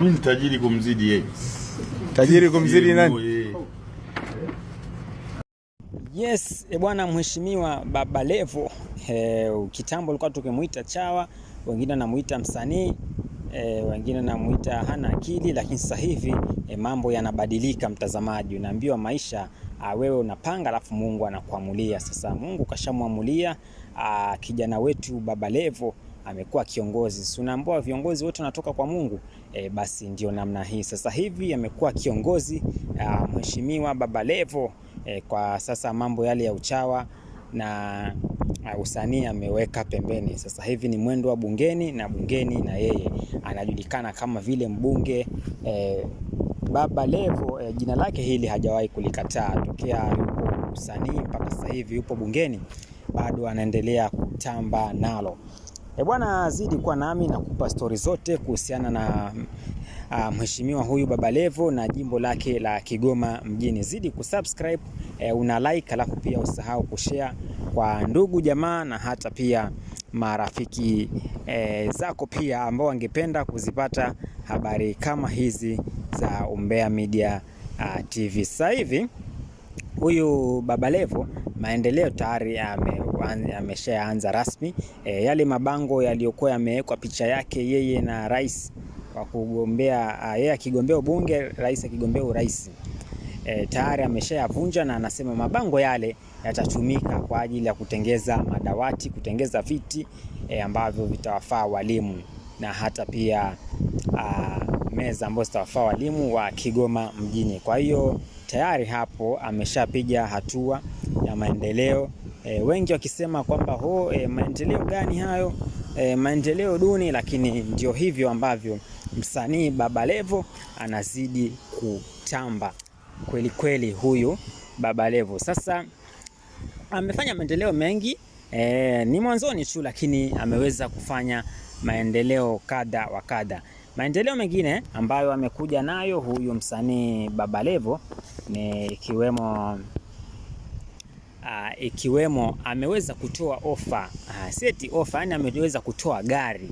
Mimi ni tajiri kumzidi yeye. Tajiri kumzidi nani? Yes, e bwana mheshimiwa Baba Levo e, kitambo alikuwa tukimwita chawa, wengine anamwita msanii e, wengine namuita hana akili, lakini sasa hivi e, mambo yanabadilika. Mtazamaji, unaambiwa maisha wewe unapanga alafu Mungu anakuamulia. Sasa Mungu kashamwamulia kijana wetu Baba Levo amekuwa kiongozi. Si unaambiwa viongozi wote wanatoka kwa Mungu? E, basi ndio namna hii sasa hivi amekuwa kiongozi ah, mheshimiwa Baba Levo. E, kwa sasa mambo yale ya uchawa na ah, usanii ameweka pembeni. Sasa hivi ni mwendo wa bungeni na bungeni, na yeye anajulikana kama vile mbunge e, Baba Levo e, jina lake hili hajawahi kulikataa tokea yupo usanii mpaka sasa hivi yupo bungeni, bado anaendelea kutamba nalo. E bwana, zidi kuwa nami na kupa stori zote kuhusiana na uh, mheshimiwa huyu Baba Levo na jimbo lake la Kigoma mjini. Zidi kusubscribe e, una like, alafu pia usahau kushare kwa ndugu jamaa na hata pia marafiki e, zako pia ambao wangependa kuzipata habari kama hizi za Umbea Media uh, TV. Sasa hivi huyu Baba Levo maendeleo tayari ameshaanza rasmi. E, yale mabango yaliyokuwa yamewekwa picha yake yeye na rais wa kugombea, yeye akigombea ubunge, rais akigombea urais E, tayari ameshayavunja na anasema mabango yale yatatumika kwa ajili ya kutengeza madawati, kutengeza viti e, ambavyo vitawafaa walimu na hata pia a, meza ambazo zitawafaa walimu wa Kigoma mjini. Kwa hiyo tayari hapo ameshapiga hatua ya maendeleo e, wengi wakisema kwamba ho e, maendeleo gani hayo e, maendeleo duni, lakini ndio hivyo ambavyo msanii Baba Levo anazidi kutamba kweli kweli. Huyu Baba Levo sasa amefanya maendeleo mengi e, ni mwanzoni tu, lakini ameweza kufanya maendeleo kadha wa kadha. Maendeleo mengine ambayo amekuja nayo huyu msanii Baba Levo ni ikiwemo uh, ikiwemo ameweza kutoa ofa uh, ah, seti ofa, yani ameweza kutoa gari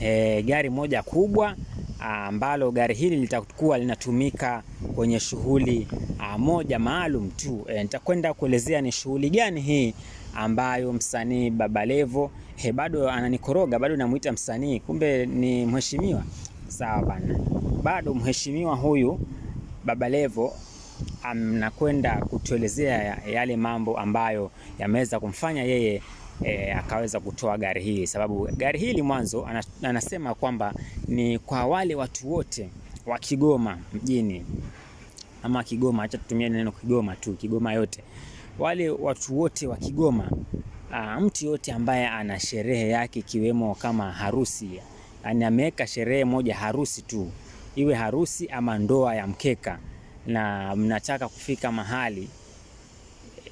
e, gari moja kubwa ah, ambalo uh, gari hili litakuwa linatumika kwenye shughuli uh, moja maalum tu. E, nitakwenda kuelezea ni shughuli gani hii ambayo msanii Baba Levo he, eh, bado ananikoroga, bado namuita msanii, kumbe ni mheshimiwa. Sawa bana, bado mheshimiwa huyu Baba Levo anakwenda kutuelezea yale mambo ambayo yameweza kumfanya yeye E, akaweza kutoa gari hili sababu gari hili mwanzo anasema kwamba ni kwa wale watu wote wa Kigoma mjini ama Kigoma, acha tutumie neno Kigoma tu, Kigoma yote, wale watu wote wa Kigoma, ah, mtu yote ambaye ana sherehe yake ikiwemo kama harusi, yani ameweka sherehe moja harusi tu, iwe harusi ama ndoa ya mkeka na mnataka kufika mahali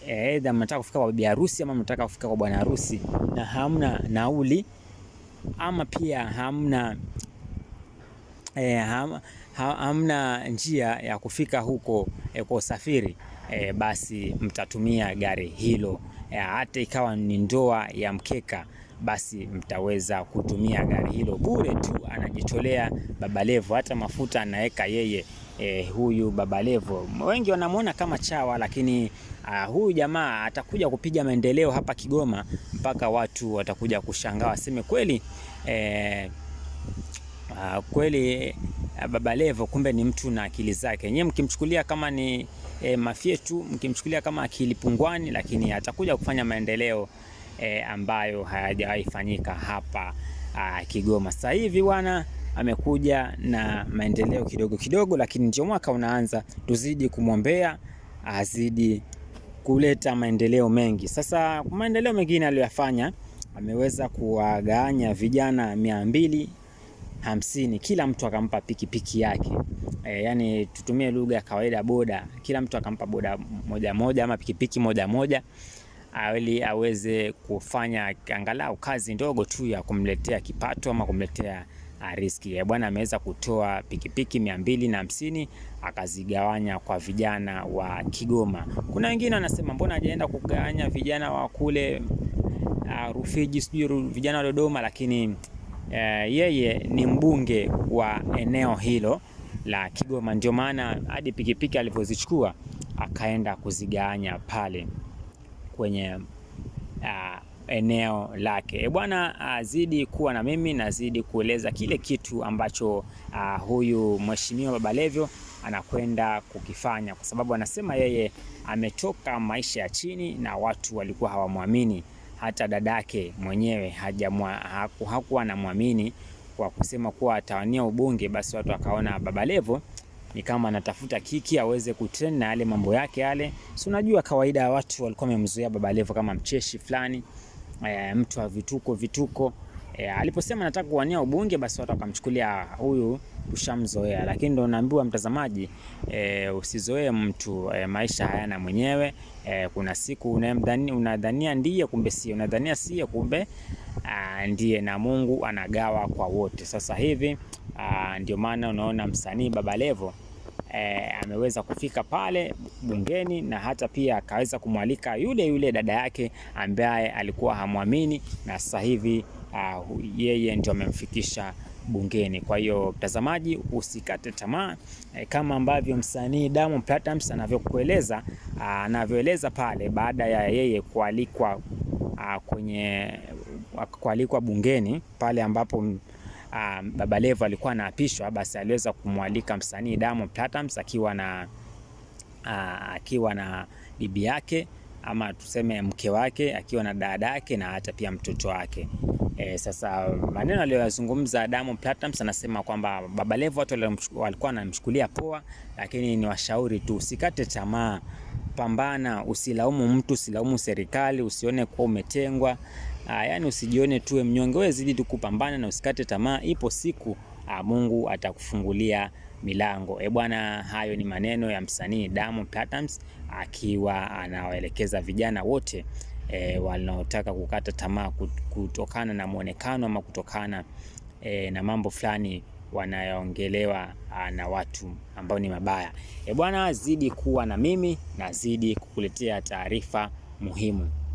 aidha mnataka kufika kwa bibi harusi ama mnataka kufika kwa bwana harusi na hamna nauli ama pia hamna e, ham, hamna njia ya kufika huko e, kwa usafiri e, basi mtatumia gari hilo e, hata ikawa ni ndoa ya mkeka basi mtaweza kutumia gari hilo bure tu. Anajitolea Baba Levo, hata mafuta anaweka yeye eh, huyu Baba Levo. Wengi wanamuona kama chawa, lakini uh, huyu jamaa atakuja kupiga maendeleo hapa Kigoma mpaka watu watakuja kushangaa waseme kweli eh, uh, kweli ah, Baba Levo kumbe ni mtu na akili zake. Nyewe mkimchukulia kama ni e, eh, mafyetu, mkimchukulia kama akili pungwani, lakini atakuja kufanya maendeleo e, ambayo hayajawahi fanyika hapa a, Kigoma sasa hivi bwana amekuja na maendeleo kidogo kidogo, lakini ndio mwaka unaanza, tuzidi kumwombea azidi kuleta maendeleo mengi. Sasa maendeleo mengine aliyoyafanya, ameweza kuwagawanya vijana mia mbili hamsini, kila mtu akampa pikipiki yake. E, yani tutumie lugha ya kawaida boda, kila mtu akampa boda moja moja ama pikipiki moja moja ili aweze kufanya angalau kazi ndogo tu ya kumletea kipato ama kumletea Uh, riski. Eh, bwana ameweza kutoa pikipiki mia mbili na hamsini akazigawanya kwa vijana wa Kigoma. Kuna wengine wanasema mbona hajaenda kugawanya vijana wa kule uh, Rufiji sijui vijana wa Dodoma, lakini uh, yeye ni mbunge wa eneo hilo la Kigoma, ndio maana hadi pikipiki alivyozichukua akaenda kuzigawanya pale kwenye uh, eneo lake. E bwana, azidi kuwa na mimi nazidi kueleza kile kitu ambacho uh, huyu mheshimiwa Baba Levyo anakwenda kukifanya, kwa sababu anasema yeye ametoka maisha ya chini na watu walikuwa hawamwamini. Hata dadake mwenyewe hakuwa anamwamini kwa kusema kuwa atawania ubunge, basi watu akaona Baba Levo ni kama anatafuta kiki aweze kutrain na yale mambo yake yale. Si unajua kawaida ya watu walikuwa wamemzuia Baba Levo kama mcheshi fulani e, mtu wa vituko vituko e, aliposema nataka kuwania ubunge, basi watu wakamchukulia huyu ushamzoea, lakini ndo naambiwa mtazamaji e, usizoee mtu e, maisha hayana mwenyewe e, kuna siku unamdhania unadhania ndiye kumbe si unadhania si kumbe a, ndiye, na Mungu anagawa kwa wote. Sasa hivi ndio maana unaona msanii Baba Levo e, ameweza kufika pale bungeni na hata pia akaweza kumwalika yule yule dada yake ambaye alikuwa hamwamini na sasa hivi yeye ndio amemfikisha bungeni. Kwa hiyo mtazamaji, usikate tamaa e, kama ambavyo msanii Diamond Platnumz anavyokueleza anavyoeleza pale baada ya yeye kualikwa kwenye kualikwa bungeni pale ambapo um, Baba Levo alikuwa anaapishwa, basi aliweza kumwalika msanii Diamond Platnumz akiwa na uh, akiwa na bibi yake ama tuseme mke wake akiwa na dada yake na hata pia mtoto wake. E, sasa maneno aliyoyazungumza Diamond Platnumz anasema kwamba Baba Levo watu walikuwa wanamchukulia poa, lakini ni washauri tu, usikate tamaa, pambana, usilaumu mtu, usilaumu serikali, usione kuwa umetengwa. Ah, yani usijione tuwe mnyonge, wewe zidi tu kupambana na usikate tamaa, ipo siku ah, Mungu atakufungulia milango. E bwana, hayo ni maneno ya msanii Diamond Platnumz akiwa anawaelekeza vijana wote e, wanaotaka kukata tamaa kutokana na mwonekano ama kutokana e, na mambo fulani wanayoongelewa ah, na watu ambao ni mabaya. E bwana, zidi kuwa na mimi na zidi kukuletea taarifa muhimu.